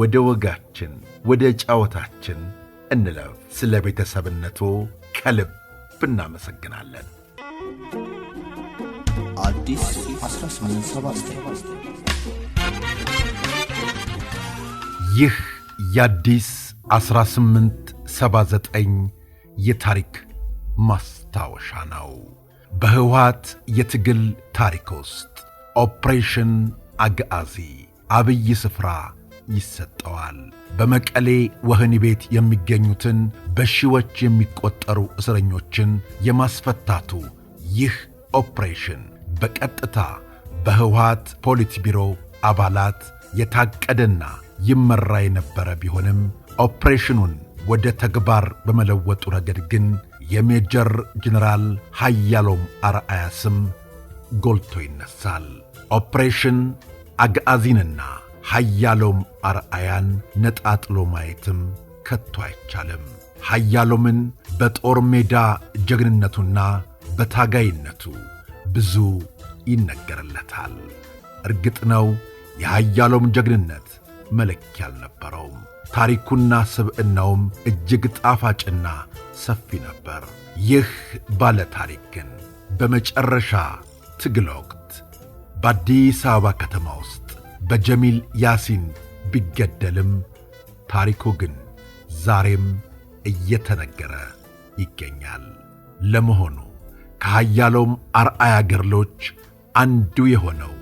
ወደ ወጋችን ወደ ጫወታችን እንለፍ። ስለ ቤተሰብነቱ ከልብ እናመሰግናለን። ይህ የአዲስ 1879 የታሪክ ማስታወሻ ነው። በህወሓት የትግል ታሪክ ውስጥ ኦፕሬሽን አግአዚ አብይ ስፍራ ይሰጠዋል። በመቀሌ ወህኒ ቤት የሚገኙትን በሺዎች የሚቆጠሩ እስረኞችን የማስፈታቱ ይህ ኦፕሬሽን በቀጥታ በህወሓት ፖሊት ቢሮ አባላት የታቀደና ይመራ የነበረ ቢሆንም ኦፕሬሽኑን ወደ ተግባር በመለወጡ ረገድ ግን የሜጀር ጀነራል ሀያሎም አርአያ ስም ጎልቶ ይነሳል። ኦፕሬሽን አግአዚንና ኃያሎም አርአያን ነጣጥሎ ማየትም ከቶ አይቻልም። ሀያሎምን በጦር ሜዳ ጀግንነቱና በታጋይነቱ ብዙ ይነገርለታል። እርግጥ ነው የሀያሎም ጀግንነት መለክ አልነበረውም። ታሪኩና ስብዕናውም እጅግ ጣፋጭና ሰፊ ነበር። ይህ ባለ ታሪክ ግን በመጨረሻ ትግል ወቅት በአዲስ አበባ ከተማ ውስጥ በጀሚል ያሲን ቢገደልም ታሪኩ ግን ዛሬም እየተነገረ ይገኛል። ለመሆኑ ከሃያሎም አርአያ ገድሎች አንዱ የሆነው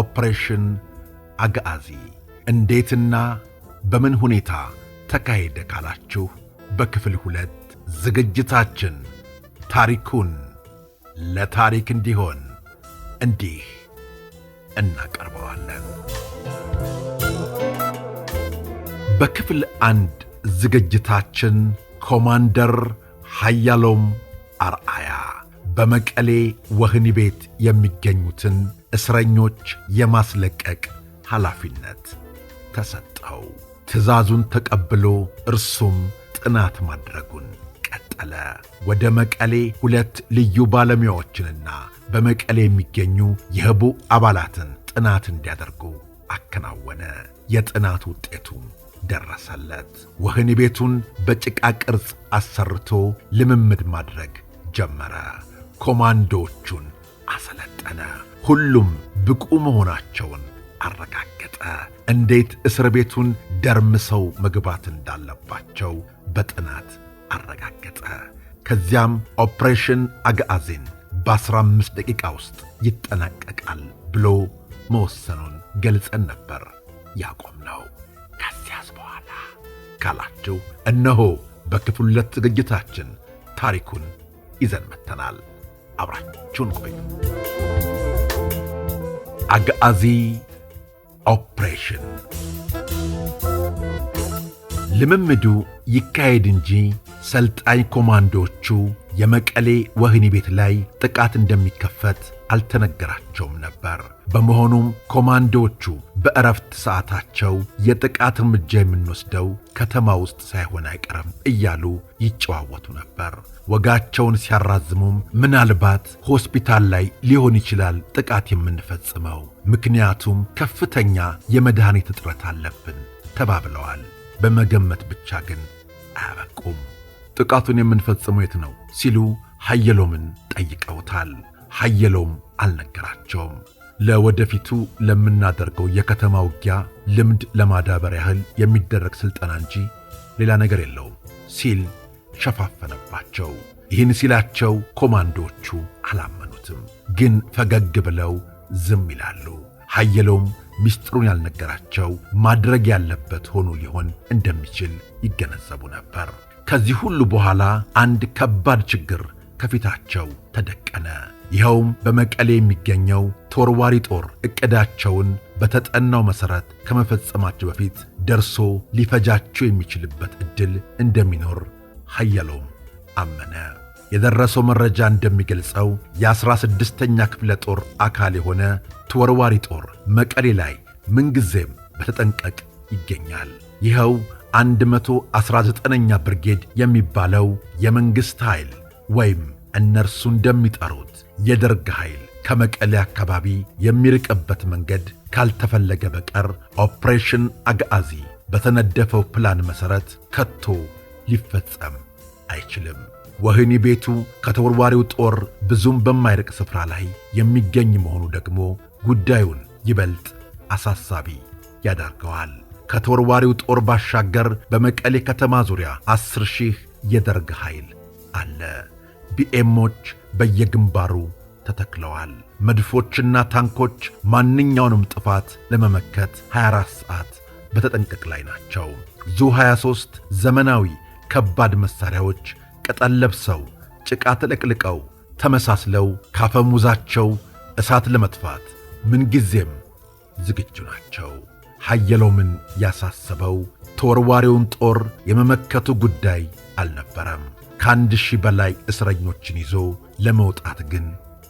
ኦፕሬሽን አግአዚ እንዴትና በምን ሁኔታ ተካሄደ ካላችሁ በክፍል ሁለት ዝግጅታችን ታሪኩን ለታሪክ እንዲሆን እንዲህ እናቀርበዋለን። በክፍል አንድ ዝግጅታችን ኮማንደር ሀያሎም አርአያ በመቀሌ ወህኒ ቤት የሚገኙትን እስረኞች የማስለቀቅ ኃላፊነት ተሰጠው። ትዕዛዙን ተቀብሎ እርሱም ጥናት ማድረጉን ቀጠለ። ወደ መቀሌ ሁለት ልዩ ባለሙያዎችንና በመቀሌ የሚገኙ የህቡ አባላትን ጥናት እንዲያደርጉ አከናወነ። የጥናት ውጤቱም ደረሰለት። ወህኒ ቤቱን በጭቃ ቅርጽ አሰርቶ ልምምድ ማድረግ ጀመረ። ኮማንዶዎቹን አሰለጠነ። ሁሉም ብቁ መሆናቸውን አረጋገጠ። እንዴት እስር ቤቱን ደርምሰው መግባት እንዳለባቸው በጥናት አረጋገጠ። ከዚያም ኦፕሬሽን አግአዜን በ15 ደቂቃ ውስጥ ይጠናቀቃል ብሎ መወሰኑን ገልጸን ነበር ያቆም ነው። ካላችሁ እነሆ በክፍል ዝግጅታችን ታሪኩን ይዘን መጥተናል። አብራችሁን ቆዩ። አጋአዚ ኦፕሬሽን ልምምዱ ይካሄድ እንጂ ሰልጣኝ ኮማንዶዎቹ የመቀሌ ወህኒ ቤት ላይ ጥቃት እንደሚከፈት አልተነገራቸውም ነበር። በመሆኑም ኮማንዶዎቹ በእረፍት ሰዓታቸው የጥቃት እርምጃ የምንወስደው ከተማ ውስጥ ሳይሆን አይቀርም እያሉ ይጨዋወቱ ነበር። ወጋቸውን ሲያራዝሙም ምናልባት ሆስፒታል ላይ ሊሆን ይችላል ጥቃት የምንፈጽመው፣ ምክንያቱም ከፍተኛ የመድኃኒት እጥረት አለብን ተባብለዋል። በመገመት ብቻ ግን አያበቁም። ጥቃቱን የምንፈጽመው የት ነው ሲሉ ሀየሎምን ጠይቀውታል። ሀየለውም አልነገራቸውም። ለወደፊቱ ለምናደርገው የከተማ ውጊያ ልምድ ለማዳበር ያህል የሚደረግ ሥልጠና እንጂ ሌላ ነገር የለውም ሲል ሸፋፈነባቸው። ይህን ሲላቸው ኮማንዶዎቹ አላመኑትም፣ ግን ፈገግ ብለው ዝም ይላሉ። ሀየለውም ምስጢሩን ያልነገራቸው ማድረግ ያለበት ሆኖ ሊሆን እንደሚችል ይገነዘቡ ነበር። ከዚህ ሁሉ በኋላ አንድ ከባድ ችግር ከፊታቸው ተደቀነ። ይኸውም በመቀሌ የሚገኘው ተወርዋሪ ጦር እቅዳቸውን በተጠናው መሠረት ከመፈጸማቸው በፊት ደርሶ ሊፈጃቸው የሚችልበት ዕድል እንደሚኖር ኃያለውም አመነ። የደረሰው መረጃ እንደሚገልጸው የአሥራ ስድስተኛ ክፍለ ጦር አካል የሆነ ተወርዋሪ ጦር መቀሌ ላይ ምንጊዜም በተጠንቀቅ ይገኛል። ይኸው 119ኛ ብርጌድ የሚባለው የመንግሥት ኃይል ወይም እነርሱ እንደሚጠሩት የደርግ ኃይል ከመቀሌ አካባቢ የሚርቅበት መንገድ ካልተፈለገ በቀር ኦፕሬሽን አግአዚ በተነደፈው ፕላን መሠረት ከቶ ሊፈጸም አይችልም። ወህኒ ቤቱ ከተወርዋሪው ጦር ብዙም በማይርቅ ስፍራ ላይ የሚገኝ መሆኑ ደግሞ ጉዳዩን ይበልጥ አሳሳቢ ያደርገዋል። ከተወርዋሪው ጦር ባሻገር በመቀሌ ከተማ ዙሪያ አስር ሺህ የደርግ ኃይል አለ። ቢኤሞች በየግንባሩ ተተክለዋል። መድፎችና ታንኮች ማንኛውንም ጥፋት ለመመከት 24 ሰዓት በተጠንቀቅ ላይ ናቸው። ዙ 23 ዘመናዊ ከባድ መሣሪያዎች ቅጠል ለብሰው ጭቃ ተለቅልቀው ተመሳስለው ካፈሙዛቸው እሳት ለመጥፋት ምንጊዜም ዝግጁ ናቸው። ሐየሎምን ያሳሰበው ተወርዋሪውን ጦር የመመከቱ ጉዳይ አልነበረም። ከአንድ ሺህ በላይ እስረኞችን ይዞ ለመውጣት ግን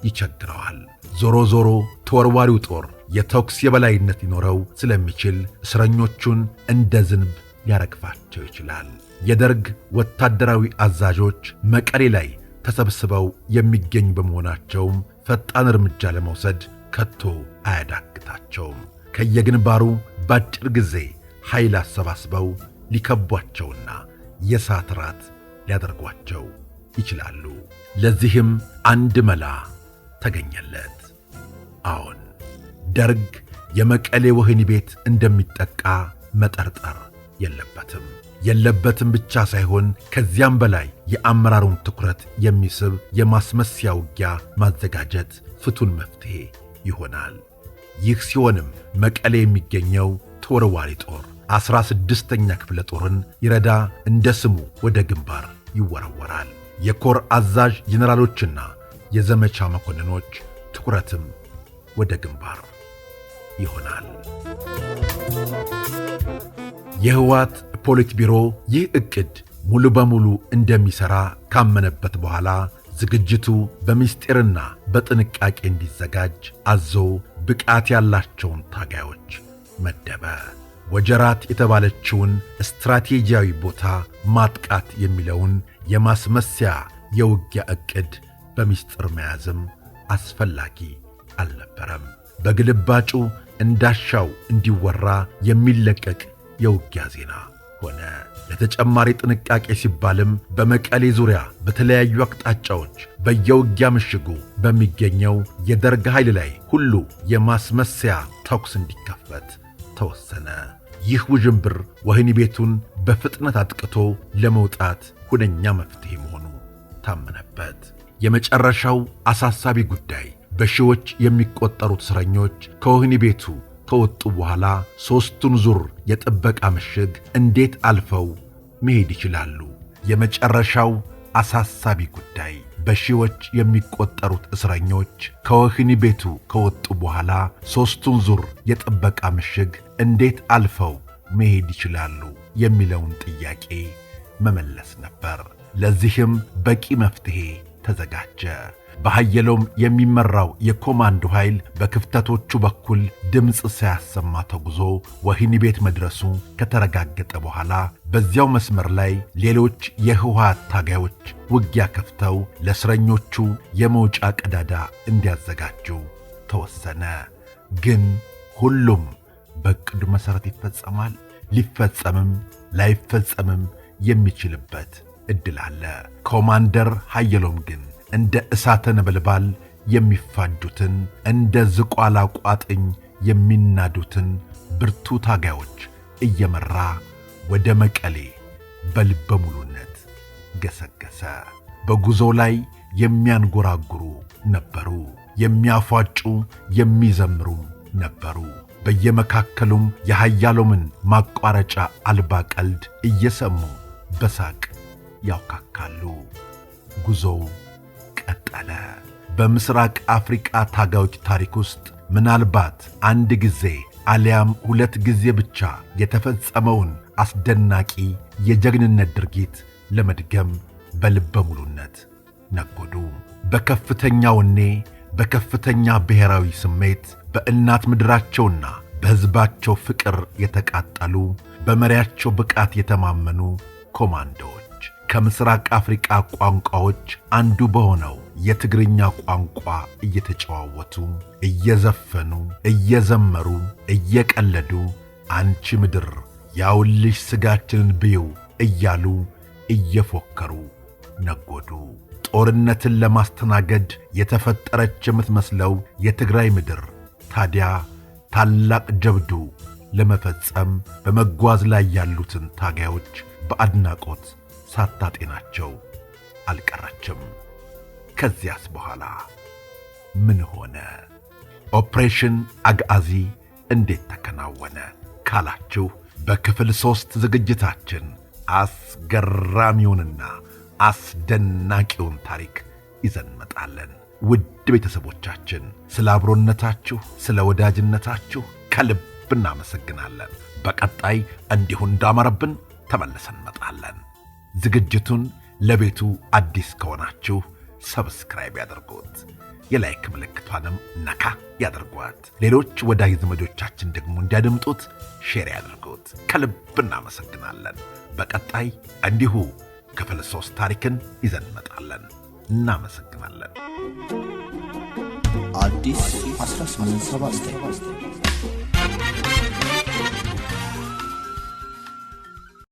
ይቸግረዋል። ዞሮ ዞሮ ተወርዋሪው ጦር የተኩስ የበላይነት ሊኖረው ስለሚችል እስረኞቹን እንደ ዝንብ ሊያረግፋቸው ይችላል። የደርግ ወታደራዊ አዛዦች መቀሌ ላይ ተሰብስበው የሚገኙ በመሆናቸውም ፈጣን እርምጃ ለመውሰድ ከቶ አያዳግታቸውም። ከየግንባሩ በአጭር ጊዜ ኃይል አሰባስበው ሊከቧቸውና የእሳት ራት ሊያደርጓቸው ይችላሉ። ለዚህም አንድ መላ ተገኘለት። አዎን ደርግ የመቀሌ ወህኒ ቤት እንደሚጠቃ መጠርጠር የለበትም። የለበትም ብቻ ሳይሆን ከዚያም በላይ የአመራሩን ትኩረት የሚስብ የማስመሰያ ውጊያ ማዘጋጀት ፍቱን መፍትሄ ይሆናል። ይህ ሲሆንም መቀሌ የሚገኘው ተወርዋሪ ጦር አስራ ስድስተኛ ክፍለ ጦርን ይረዳ እንደ ስሙ ወደ ግንባር ይወረወራል። የኮር አዛዥ ጄኔራሎችና የዘመቻ መኮንኖች ትኩረትም ወደ ግንባር ይሆናል። የህወሓት ፖሊት ቢሮ ይህ ዕቅድ ሙሉ በሙሉ እንደሚሠራ ካመነበት በኋላ ዝግጅቱ በምስጢርና በጥንቃቄ እንዲዘጋጅ አዞ ብቃት ያላቸውን ታጋዮች መደበ። ወጀራት የተባለችውን ስትራቴጂያዊ ቦታ ማጥቃት የሚለውን የማስመሰያ የውጊያ ዕቅድ በምስጢር መያዝም አስፈላጊ አልነበረም። በግልባጩ እንዳሻው እንዲወራ የሚለቀቅ የውጊያ ዜና ሆነ። ለተጨማሪ ጥንቃቄ ሲባልም በመቀሌ ዙሪያ በተለያዩ አቅጣጫዎች በየውጊያ ምሽጉ በሚገኘው የደርግ ኃይል ላይ ሁሉ የማስመሰያ ተኩስ እንዲከፈት ተወሰነ። ይህ ውዥንብር ወህኒ ቤቱን በፍጥነት አጥቅቶ ለመውጣት ሁነኛ መፍትሄ መሆኑ ታመነበት። የመጨረሻው አሳሳቢ ጉዳይ በሺዎች የሚቆጠሩት እስረኞች ከወህኒ ቤቱ ከወጡ በኋላ ሦስቱን ዙር የጥበቃ ምሽግ እንዴት አልፈው መሄድ ይችላሉ? የመጨረሻው አሳሳቢ ጉዳይ በሺዎች የሚቆጠሩት እስረኞች ከወህኒ ቤቱ ከወጡ በኋላ ሦስቱን ዙር የጥበቃ ምሽግ እንዴት አልፈው መሄድ ይችላሉ የሚለውን ጥያቄ መመለስ ነበር። ለዚህም በቂ መፍትሄ ተዘጋጀ። በሐየሎም የሚመራው የኮማንዶ ኃይል በክፍተቶቹ በኩል ድምፅ ሳያሰማ ተጉዞ ወህኒ ቤት መድረሱ ከተረጋገጠ በኋላ በዚያው መስመር ላይ ሌሎች የህወሓት ታጋዮች ውጊያ ከፍተው ለእስረኞቹ የመውጫ ቀዳዳ እንዲያዘጋጁ ተወሰነ። ግን ሁሉም በእቅዱ መሠረት ይፈጸማል። ሊፈጸምም ላይፈጸምም የሚችልበት እድል አለ። ኮማንደር ሀየሎም ግን እንደ እሳተ ነበልባል የሚፋጁትን እንደ ዝቋላ ቋጥኝ የሚናዱትን ብርቱ ታጋዮች እየመራ ወደ መቀሌ በልበ ሙሉነት ገሰገሰ። በጉዞ ላይ የሚያንጎራጉሩ ነበሩ፣ የሚያፏጩ የሚዘምሩ ነበሩ። በየመካከሉም የኃያሎምን ማቋረጫ አልባ ቀልድ እየሰሙ በሳቅ ያውካካሉ። ጉዞው ቀጠለ። በምሥራቅ አፍሪቃ ታጋዮች ታሪክ ውስጥ ምናልባት አንድ ጊዜ አሊያም ሁለት ጊዜ ብቻ የተፈጸመውን አስደናቂ የጀግንነት ድርጊት ለመድገም በልበ ሙሉነት ነጎዱ። በከፍተኛ ወኔ በከፍተኛ ብሔራዊ ስሜት በእናት ምድራቸውና በሕዝባቸው ፍቅር የተቃጠሉ በመሪያቸው ብቃት የተማመኑ ኮማንዶዎች ከምሥራቅ አፍሪቃ ቋንቋዎች አንዱ በሆነው የትግርኛ ቋንቋ እየተጨዋወቱ እየዘፈኑ፣ እየዘመሩ፣ እየቀለዱ አንቺ ምድር ያውልሽ ሥጋችንን ብዩ እያሉ እየፎከሩ ነጎዱ። ጦርነትን ለማስተናገድ የተፈጠረች የምትመስለው የትግራይ ምድር ታዲያ ታላቅ ጀብዱ ለመፈጸም በመጓዝ ላይ ያሉትን ታጋዮች በአድናቆት ሳታጤናቸው አልቀረችም። ከዚያስ በኋላ ምን ሆነ? ኦፕሬሽን አግአዚ እንዴት ተከናወነ ካላችሁ በክፍል ሦስት ዝግጅታችን አስገራሚውንና አስደናቂውን ታሪክ ይዘን መጣለን። ውድ ቤተሰቦቻችን ስለ አብሮነታችሁ፣ ስለ ወዳጅነታችሁ ከልብ እናመሰግናለን። በቀጣይ እንዲሁ እንዳመረብን ተመልሰን እንመጣለን። ዝግጅቱን ለቤቱ አዲስ ከሆናችሁ ሰብስክራይብ ያደርጉት፣ የላይክ ምልክቷንም ነካ ያደርጓት ሌሎች ወዳጅ ዘመዶቻችን ደግሞ እንዲያደምጡት ሼር ያደርጉት። ከልብ እናመሰግናለን። በቀጣይ እንዲሁ ክፍል ሶስት ታሪክን ይዘን እንመጣለን። እናመሰግናለን። አዲስ 1879